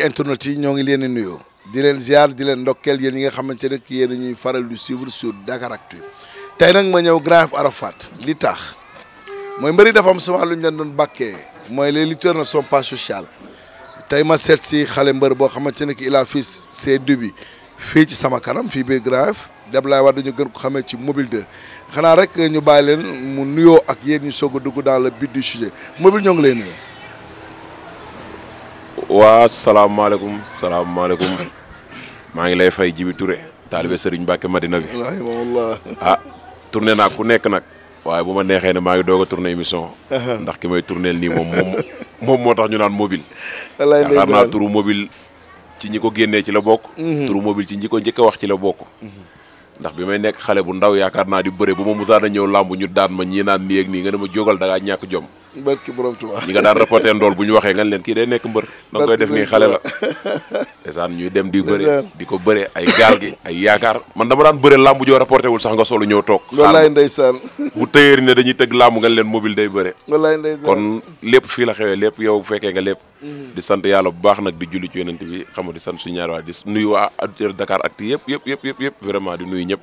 mbokki internet yi ñoo ngi leen di nuyu di leen ziar di leen ndokkeel yéen ñi nga xamante ne yéen ñuy faral di suivre sur Dakaractu tey nag ma ñëw Grand Yoff Arafat li tax mooy mbëri dafa am souvent lu ñu leen doon bàkkee mooy les lutteurs ne sont pas sociaux tey ma seet si xale mbër boo xamante ne ki il a fait ses fii ci sama kanam fii biir Grand Yoff Abdoulaye Wade ñu gën ko xamee ci mobile 2 xanaa rek ñu bàyyi leen mu nuyoo ak yéen ñu soog a dugg dans la but du sujet mobile ñoo ngi lay nuyu. waa salaamaaleykum salaamaaleykum maa ngi lay fay Jibi Touré taalibe Serigne Mbacke Madina bi. ah tourné naa ku nekk nag. waaye bu ma neexee ne maa ngi doog a tourné émission. ndax ki may tourné nii moom moom moom moo tax ñu naan mobile. wallaay yaakaar naa turu mobile ci ñi ko génnee ci la bokk. Mhm. turu mobile ci ñi ko njëkk wax ci la bokk. Mhm. ndax bi may nekk xale bu ndaw yaakaar naa di bëre bu ma musaa na ñëw làmb ñu daan ma ñii naan nii ak nii nga ne ma jógal da ngaa ñàkk jom. barki borom Tuubaa ñi nga daan reporté ndool bu ñu waxee nga leen kii day nekk mbër danga koy def nii xale la saan ñuy dem di bëre di ko bëre ay gaal gi ay yaakaar man dama daan bëre làmb joo reporté wul sax nga solu ñëw toog wallaay ndeysaan bu tëyéer ne dañuy tëgg làmb nga leen mobile day bëre wallaay ndeysaan kon lépp fii la xewee lépp yow fekkee nga lépp mhm. di sant yàlla bu baax nag di julli ci yonent bi xam nga di sant suñu waa di nuyu waa Dakar ak ti yëpp yëpp yëpp yëpp vraiment di nuyu ñëpp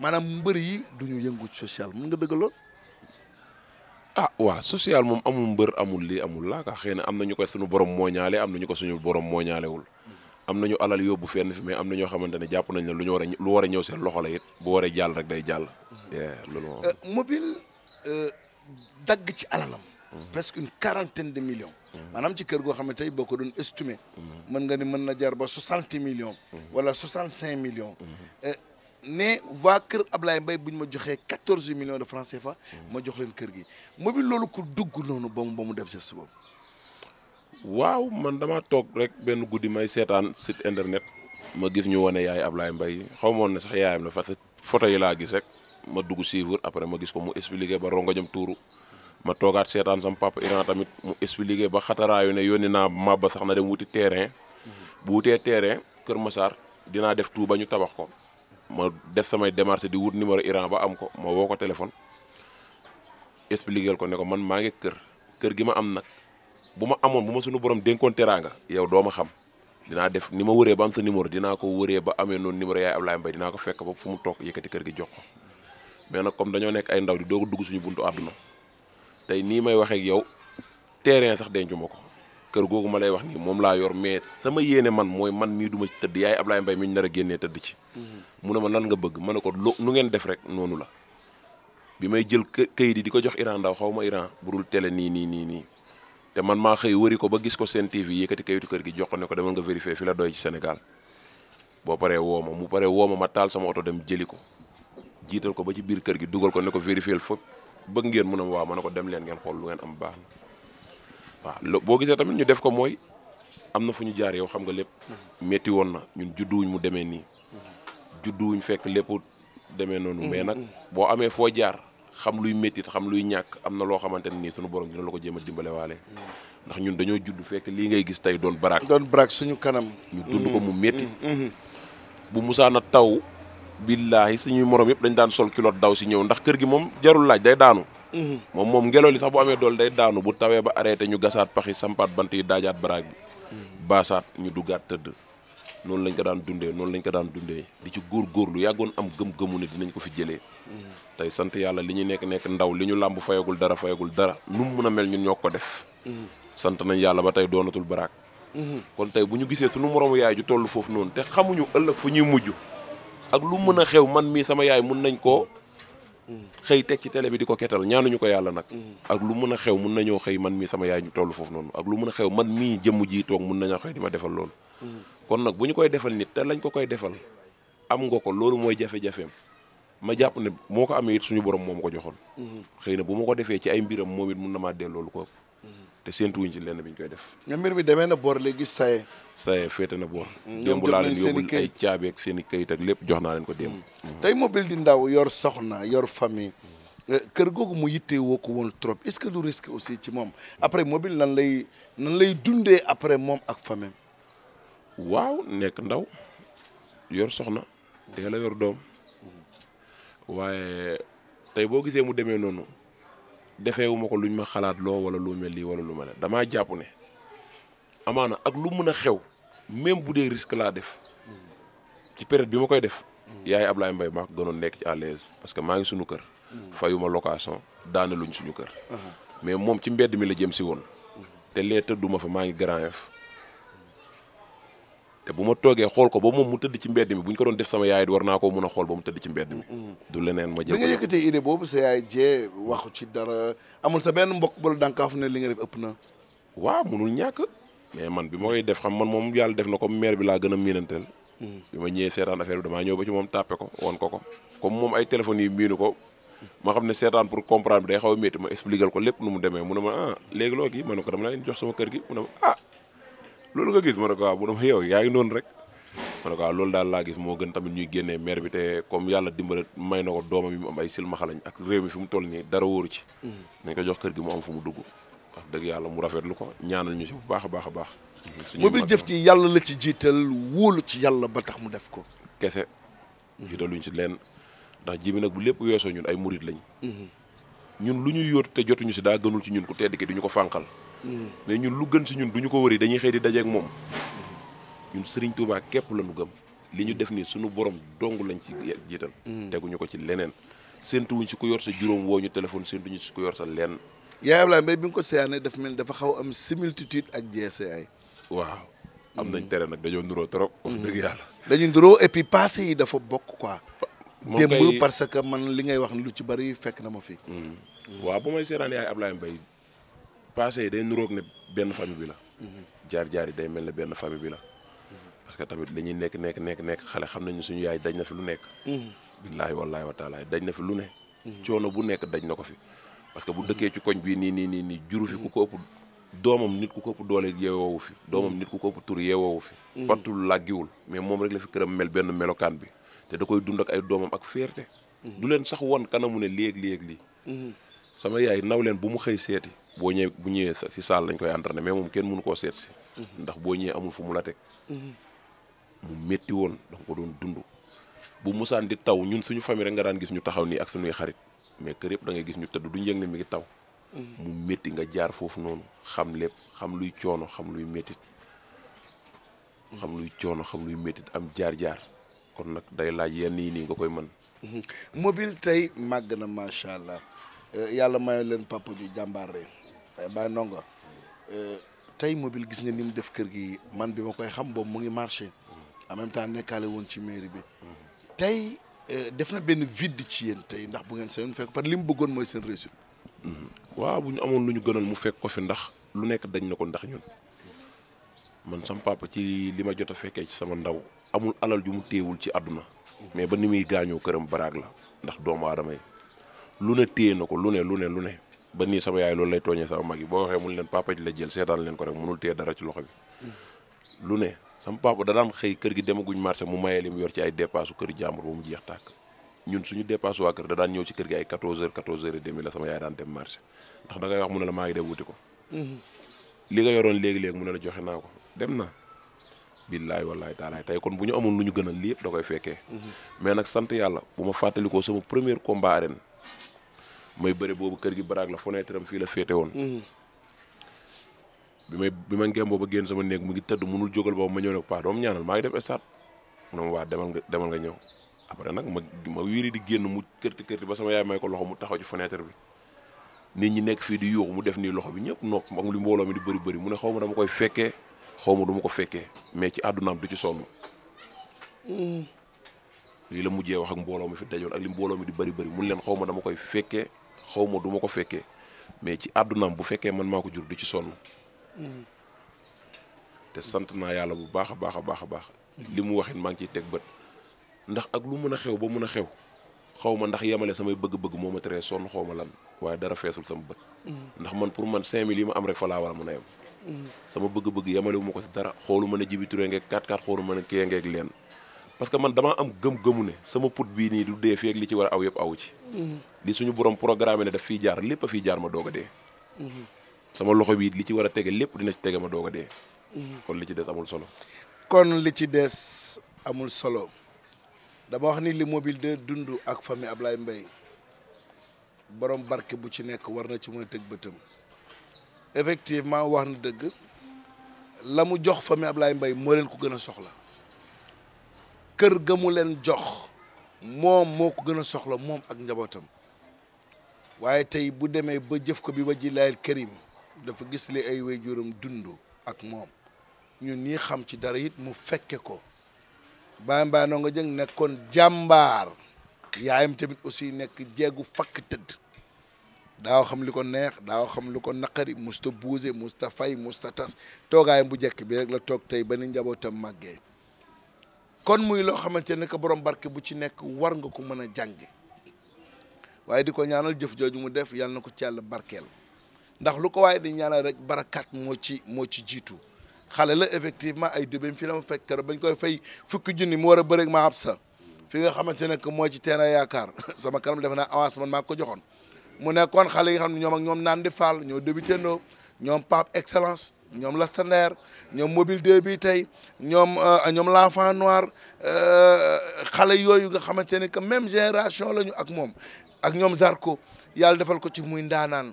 maanaam mbër yi du ñu yëngu social mën nga dëgg lool. ah waa social moom amul mbër amul lii amul laa ka xëy na am na ñu ko suñu borom mooñaale am na ñu ko suñu borom mooñaalewul am nañu alal yóbbu fenn fi mais am na ñoo xamante ne jàpp nañ ne lu ñu war a lu war a ñëw seen loxo la it bu waree jàll rek day jàll. loolu moom. Euh, mobile euh, dagg ci alalam. presque une quarantaine de million maanaam ci kër goo xam ne tey boo ko doon estimé. mën nga ni mën na jar ba soixante millions. wala soixante cinq millions. Euh, ne waa kër Ablaye mbay bu ñu ma joxee quatorze millions de francs fa ma jox leen kër gi ma bi loolu ko dugg noonu ba mu ba mu def geste boobu waaw man dama toog rek benn guddi may seetaan site internet ma gis ñu wane yaay Ablaye Mbaye xaw moon ne sax yaayam la parce que photo yi laa gis rek ma dugg suivre après ma gis ko mu expliqué ba rongoñam tuuru ma toogaat seetaan sam papa Iran tamit mu expliqué ba xataraayu ne yónni naa ba sax na dem wuti terrain bu wutee terrain Kër Massar dinaa def tout ba ñu tabax ko ma def samay démarche di wut numéro Iran ba am ko ma woo ko téléphone expliquer ko ne ko man maa ngi kër kër gi ma am nag bu ma amoon bu ma sunu borom dénkoon teraanga yow doo ma xam dinaa def ni ma wëree ba am sa numéro dinaa ko wëree ba amee noonu numéro yaay Ablaye Mbaye dinaa ko fekk ba fu mu toog yëkkati kër gi jox ko mais nag comme dañoo nekk ay ndaw di doog dugg suñu buntu àdduna tey nii may waxeeg ak yow terrain sax dencuma ko. kër googu ma lay wax ni mom la yor mais sama yene man moy man mi duma ci tëdd yaay Ablaye mbay mi ñu nar genné teud ci mhm. mu ne ma lan nga bëgg mané ko nu ngeen def rek nonu la bi may jël këyit di ko jox Iran ndaw xawma ma Iran bu dul télé ni ni ni ni te man ma xey wëri ko ba gis ko sen TV yëkëti kayitu kër gi jox ko dama nga vérifier fi la doy ci Sénégal bo paré woo ma mu paré woo ma ma taal sama auto dem jëli ko jiital ko ba ci biir kër gi duggal ko ne ko vérifier fop bëgg ngeen mun a waaw ko dem leen ngeen xol lu ngeen am baax waaw lo boo gisee tamit ñu def ko mooy am na fu ñu jaar yow xam nga lépp métti woon na ñun judduwuñ mu demee nii judduwuñ fekk lépp demee noonu mais nag boo amee foo jaar xam luy métti xam luy nyak, am na loo xamante ne nii suñu borom dina la ko jéem a dimbale waale ndax ñun dañoo judd fekk lii ngay gis tey doon baraak doon baraak suñu kanam ñu dund ko mu métti mm, mm, mm. bu musaana taw billaahi suñuy morom yëpp dañ daan sol kilot daw si ñëw ndax kër gi moom jarul laaj day daanu moom moom ngelaw li sax bu amee dool day daanu bu tawee ba arrêté ñu gasaat paxi sampaat bant yi daajaat baraag bi baasaat ñu duggaat tëdd noonu lañ ko daan dundee noonu lañ ko daan dundee di ci góorgóorlu yàggoon am gëm-gëmu ne dinañ ko fi jëlee tey sant yàlla li ñu nekk nekk ndaw li ñu làmb fayagul dara fayagul dara nu mu mën a mel ñun ñoo ko def sant nañ yàlla ba tey doonatul baraag kon tey bu ñu gisee suñu moroomu yaay ju toll foofu noonu te xamuñu ëllëg fu ñuy mujj ak lu mën a xew man mii sama yaay mun nañ koo xëy teg ci télé bi di ko ketal ñu ko yàlla nag mm. ak lu mën a xew mun nañoo xëy man mii sama yaay ñu toll foofu noonu ak lu mën a xew man mii jëmm ji toog mun nañoo xëy di ma defal loolu mm. kon nag bu ñu koy defal nit te lañ ko koy defal am nga ko loolu mooy jafe-jafeem ma jàpp ne moo ko amee it suñu borom moom ko joxoon mm-hmm. xëy na bu ma ko defee ci ay mbiram moom it mun na maa delloo loolu ko te séentuwuñ ci lenn bi ñu koy def. nga mbir mi demee na boor léegi saye. saye féete na boor. Mm, démb laa leen yóbbul ay caabi ak seen i kayit ak lépp jox naa leen ko démb. Mm. tey mobile di ndaw yor soxna yor fami mm. eh, kër googu mu yittee woo ko woon trop est-ce que du risque aussi ci moom après mobile nan lay nan lay dundee après moom ak famille waaw nekk ndaw yor soxna teel la yor doom waaye tey boo gisee mu demee noonu. defeewu ma ko luñ ma xalaat loo wala lu mel lii wala lu mel ne damaa jàpp ne amaana ak lu mën a xew même bu dee risque laa def ci période bi ma koy def. yaay Ablaye laay mbay ko gënoon nekk ci à l'aise parce que maa ngi suñu kër. fayuma location daane luñ suñu kër. Uh-huh. mais moom ci mbedd mi la jëm si woon. te lee tëdduma fa maa ngi Grand te bu ma toogee xool ko ba moom mu tëdd ci mbedd mi buñ ko doon def sama yaay war naa koo mun a xool ba mu tëdd ci mbedd mi. du leneen ma jël. bi nga yëkkatee idée yaay dara amul sa benn mbokk ba la dànkaafu ne li nga def ëpp na. waaw munul ñàkk mais man bi ma def xam man moom yàlla def na comme maire bi laa gën a miinanteel. Mm. ma ñëwee seetaan affaire bi damaa ñëw ba ci moom tàppe ko woon ko ko comme moom ay téléphones yi miinu ko. ma xam ne seetaan pour comprendre bi day xaw a ma expliquer ko lépp nu mu demee mu ne ma ah léegi loo gi ma ne ko dama la leen jox sama kër gi mu ne ma ah, loolu nga gis ma ne ko waaw bu dama yow yaa ngi noonu rek ma ne ko waaw loolu daal laa gis moo gën tamit ñuy génne maire bi te comme yàlla dimbale may na ko doomam yi mu am ay silmaxa lañ ak réew mi fi mu toll nii dara wóoru ci mm. nañ ko jox kër gi mu fu mu dugg yàlla mu rafetlu ko ñaanal ñu si bu baax a baax a baax mo bi jëf ci yàlla la ci jiital wóolu ci yàlla ba tax mu def ko kese mm. jiitaluñ si leen ndax jibi nag bu lépp weesoo ñun ay murit lañ mm-hmm. ñun lu ñuy yoot te jotuñu si daa gënul ci ñun ku tedd ki duñu ko fànqal mais ñun lu gën si ñun duñu ko wëri dañuy xëy di dajeek moom ñun Serigne Touba képp lañu gëm li ñu def nii suñu borom dong lañ si jiital teguñu ko ci leneen séentuwuñ si ku yor sa juróom woo ñu téléphone séentuñu si ku yor sa lenn yaay Ablaye Mbaye bi nga ko seeyaane daf mel dafa xaw am similitude ak GCI waaw am nañ tere nag dañoo nuroo trop wax dëgg yàlla dañu nuroo et puis passé yi dafa bokk quoi démb parce que man li ngay wax lu ci bari fekk na ma fii mm. waaw bu may seetaan passé yi day nuroog ne benn famille bi la. jaar-jaar yi day mel ne benn famille bi la. parce que tamit li nekk nekk nekk nekk xale xam nañu suñu yaay daj na fi lu nekk. billaahi wallaahi wa taala daj na fi lu ne. coono bu nekk daj na ko fi. parce que bu dëkkee ci koñ bii nii nii nii nii juru fi ku ko ëpp doomam nit ku ko ëpp doole yeewoowu fi. doomam nit ku ko ëpp tur yeewoowu fi. pattul làggiwul mais moom rek la fi këram mel benn melokaan bi te da koy dund ak ay doomam ak fierté. du leen sax won kanamu ne léeg-léeg lii. sama yaay naw len bu mu xey seti bo ñëwee bu ñëwee si saal lañ koy entraîné mais mom kenn mënu ko set ci ndax bo ñëwee amul fu mu la tek mu nyun won da ko doon dund bu musaan di taw ñun suñu famille rek nga daan gis ñu taxaw ni ak suñu xarit mais kër yëpp da ngay gis ñu tedd duñ ne mi ngi taw mu metti nga jaar fofu non xam lepp xam luy choono xam luy metti xam luy choono xam luy metti am jaar-jaar kon nak day laaj yenn yi nii nga koy mën mobile tay mag na Eh, yàlla mayoon leen papa ju jàmbaar rek eh, Baye Ndongo eh, tey mobile gis nga ni def kër gi man bi ma koy xam boobu mu ngi marché en même temps nekkaale woon ci mairie bi tey def na benn vide ci yéen tey ndax bu ngeen seen fekk par li mu bëggoon mooy seen réussite. Mm-hmm. waaw bu ñu amoon lu ñu gënal mu fekk ko fi ndax lu nekk dañ na ko ndax ñun man sam papa ci li ma jot a fekkee ci sama ndaw amul alal ju mu téewul ci àdduna mm-hmm. mais ba ni muy gaañoo këram baraag la ndax doomu yi lu ne téye na ko lu ne lu ne lu ne ba nii sama yaay loolu lay tooñee sama mag yi boo waxee mun leen papa ji la jël seetaan leen ko rek munul téye dara ci loxo bi lu ne sama papa danaam xëy kër gi demaguñ marché mu mayee li mu yor ci ay dépasse kër jàmbur ba mu jeex tàkk ñun suñu dépasse waa kër da daan ñëw ci kër gi ay 14 heures 14 heures et demi la sama yaay daan dem marché ndax da ngay wax mu ne la maa ngi dem wuti ko mm-hmm. li nga yoroon léegi-léegi mu ne la joxe naa ko dem na billaay wallaay taalaay tey kon bu ñu amoon lu ñu gënal lii yëpp da koy fekkee mm-hmm. mais nag sant yàlla bu ma fàttalikoo sama premier combat may bëre boobu kër gi baraag la fenêtre am fii la féete woon mm-hmm. bi may bi ma ngeen booba génn sama néeg mu ngi tëdd munul jógal boobu ma ñëw nag paa doom ñaanal maa ngi def stade mu ne waa demal nga demal nga ñëw après nag ma ma wiiri di génn mu kërti kërti ba sama yaay ko loxo mu taxaw ci fenêtre bi nit ñi nekk fii di yuuxu mu def nii loxo bi ñëpp noog ak li mbooloo mi di bëri bëri mu ne xaw ma dama koy fekkee xaw ma duma ko fekkee mais ci àddunaam du ci sonn mm-hmm. lii la mujjee wax ak mbooloo mi fi dajoon ak li mbooloo mi di bëri bëri mun leen xaw ma dama koy fekkee xaw ma du ma ko fekkee mais ci àddunaam bu fekkee man maa ko jur du ci sonn. te sant naa yàlla bu baax a baax a baax a baax. li mu waxin maa ngi teg bët. ndax ak lu mën a xew ba mën a xew xaw ma ndax yemale samay bëgg-bëgg moo ma teree sonn xaw ma lan waaye dara feesul sama bët. ndax man pour man 5000 yi ma am rek fa laa war a mën a yem. sama bëgg-bëgg yemale wu ma ko si dara xoolu mën a jibi turee ngeeg 4-4 xoolu mën a kee ngeeg leen. parce que man damaa am gëm-gëmu sama put bii nii du dee fii ak li ci war a aw yëpp awu ci. li suñu borom programme ne def fiy jaar lépp a fiy jaar ma doog a dee. sama loxo bii li ci war a tege lépp dina tege ma doog a dee. kon li ci des amul solo. kon li ci des amul solo dama wax ni li mobile de dund ak famille Ablaye Mbaye borom barke bu ci nekk war na ci mën a tëg bëtam effectivement wax na dëgg la mu jox famille Ablaye mbay moo leen ko gën a soxla kër ga mu leen jox moom moo ko gën a soxla moom ak njabootam. waaye tey bu demee ba jëf ko bi wajji laayal karim dafa gis li ay waajuram dund ak moom ñu ñii xam ci dara it mu fekke ko baay mbaanoo nga jëng nekkoon jàmbaar yaayam tamit aussi nekk jeegu fakk tëdd daaw xam li ko neex daaw xam li ko naqari musta buuse musta fay musta tas toogaayam bu njëkk bi rek la toog tey ba ni njabootam màggee kon muy loo xamante ne que borom barke bu ci nekk war nga ko mën a jànge waaye di ko ñaanal jëf jooju mu def yàlla na ko ci yàlla barkeel ndax lu ko waaye di ñaanal rek barakat moo ci moo ci jiitu xale la effectivement ay débém fi la ma fekk kër bañ koy fay fukki junni mu war a bëreeg ma ab fi nga xamante ne que moo ci terrain yaakaar sama kanam defe naa avance man maa ko joxoon mu nekkoon xale yi nga xam ne ñoom ak ñoom naan di faal ñoo débuté ndoo ñoom Pape Excellence ñoom la standard ñoom mobile 2 bi tey ñoom euh, ñoom l'enfant noir euh, xale yooyu nga xamante ne que même génération la ñu ak moom ak ñoom Zarko yàlla defal ko ci muy ndaanaan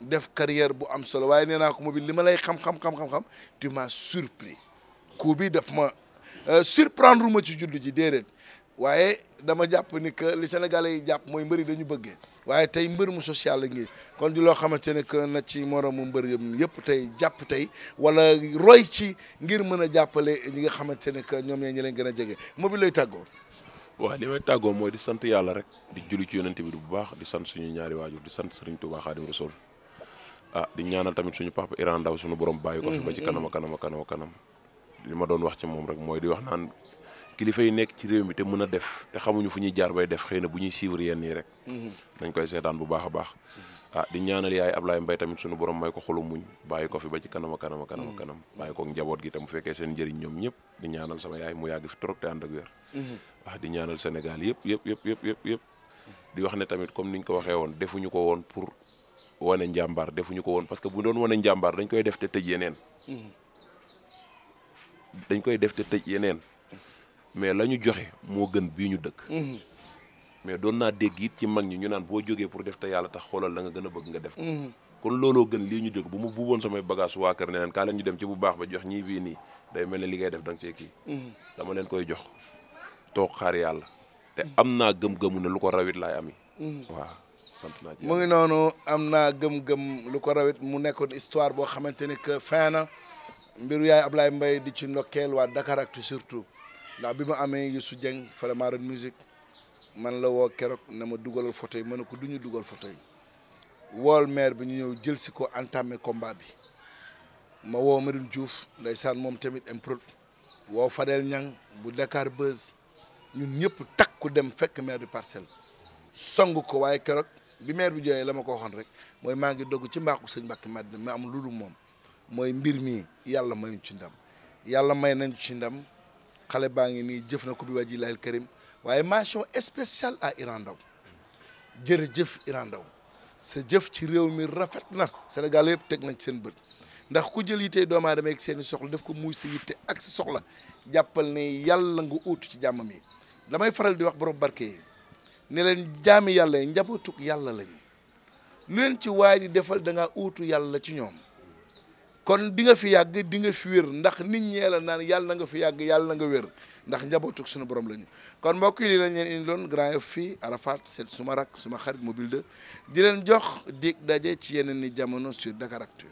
def carrière bu am solo waaye nee naa ko mobile li ma lay xam-xam xam-xam tu m'as surpris coup bi daf ma euh, surprendre ma ci jullu ji déedéet waaye dama jàpp ni que li Sénégalais yi jàpp mooy mbëri dañu bëggee waaye tey mbër mu social la ngi kon di loo xamante ne que na ci moromu mbër yëpp tey jàpp tey wala roy ci ngir mën a jàppale ñi nga xamante ne que ñoom ñoo ñu leen gën a jege mobile lay tàggoo. waaw li may tàggoo mooy di sant yàlla rek di julli ci yonent bi bu baax di sant suñu ñaari waajur di sant Serigne Touba Khadim Rasoul ah di ñaanal tamit suñu papa Iran Ndaw suñu borom bàyyi ko fi ba ci mm-hmm. kanam a kanam a kanam li ma doon wax ci moom rek mooy di wax naan kilifa yi nekk ci réew mi te mën a def te xamuñu fu ñuy jaar bay def xëy na bu ñuy suivre yenn yi rek mm-hmm. dañ koy seetaan bu baax a baax mm-hmm. ah di ñaanal yaay Ablaye mbay tamit suñu borom may ko xolu muñ bàyyi ko fi ba ci kanam a kanam a kanam a mm. ko njaboot gi tam fekkee seen njëriñ ñoom ñëpp di ñaanal sama yaay mu yàgg fi trop te ànd ak wér waaw mm-hmm. ah, di ñaanal Sénégal yëpp yëpp yëpp yëpp yëpp yëpp di wax ne tamit comme ni ñu ko waxee woon defuñu ko woon pour wane njàmbaar defuñu ko woon parce que bu doon wane njàmbaar dañ koy def te tëj yeneen mm-hmm. dañ koy def te tëj yeneen mais la ñu joxe moo gën bii ñu dëkk mm-hmm. mais doon naa dégg it ci mag ñi ñu naan boo jógee pour def te yàlla tax xoolal la nga gën a bëgg nga def mm-hmm. kon looloo gën lii ñu jóg bu mu buuboon samay bagage waa kër ne leen kaa leen ñu dem ci bu baax ba jox ñii bii nii day mel ne li ngay def da nga cee mm-hmm. dama leen koy jox toog xaar yàlla te am naa gëm-gëmu ne lu ko rawit laay ami mm-hmm. waaw sant naa mu ngi noonu am naa gëm-gëm lu ko rawit mu nekkoon histoire boo xamante ni que fin na mbiru yaay Ablaye mbay di ci ndokkeel waa Dakaractu surtout ndax bi mu amee Youssou Dieng Fara Marone musique man la woo keroog na ma dugalal photo yi ma ne ko duñu ñu dugal photo yi wool maire bi ñu ñëw jël si ko entamé combat bi ma woo Medoune Diouf ndeysaan moom tamit improt woo Fadel Niang bu Dakar Buzz ñun ñëpp tak ku dem fekk meer du parcelle song ko waaye keroog bi maire bi jooyee la ma ko waxoon rek mooy maa ngi dogg ci mbaaku sëñ Mbàkke Madina ma am lu moom mooy mbir mi yàlla mayuñ ci ndam yàlla may nañ ci ndam kale baa ngi nii jëf na ko bi wajji lahil karim waaye mention spéciale à Iran Ndao jërëjëf Iran Ndao sa jëf ci réew mi rafet na Sénégal yëpp teg nañ seen bët ndax ku jël yitte doomu aadama ak seen i soxla def ko muy sa yitte ak sa soxla jàppal ne yàlla nga uutu ci jàmm yi damay faral di wax borom barke yi ne leen jaami yàlla yi njabootug yàlla lañu lu leen ci waay di defal danga uutu yàlla ci ñoom kon di nga fi yàgg di nga fi wér ndax nit ñee la naan yàlla nga fi yàgg yàlla nga wér ndax njabootuk sunu boroom lañu kon mbokk yi lii indi loon Grand Yoff fii Arafat seet suma rak suma xarit mobile 2 di leen jox dig daje ci yeneen ni jamono sur Dakaractu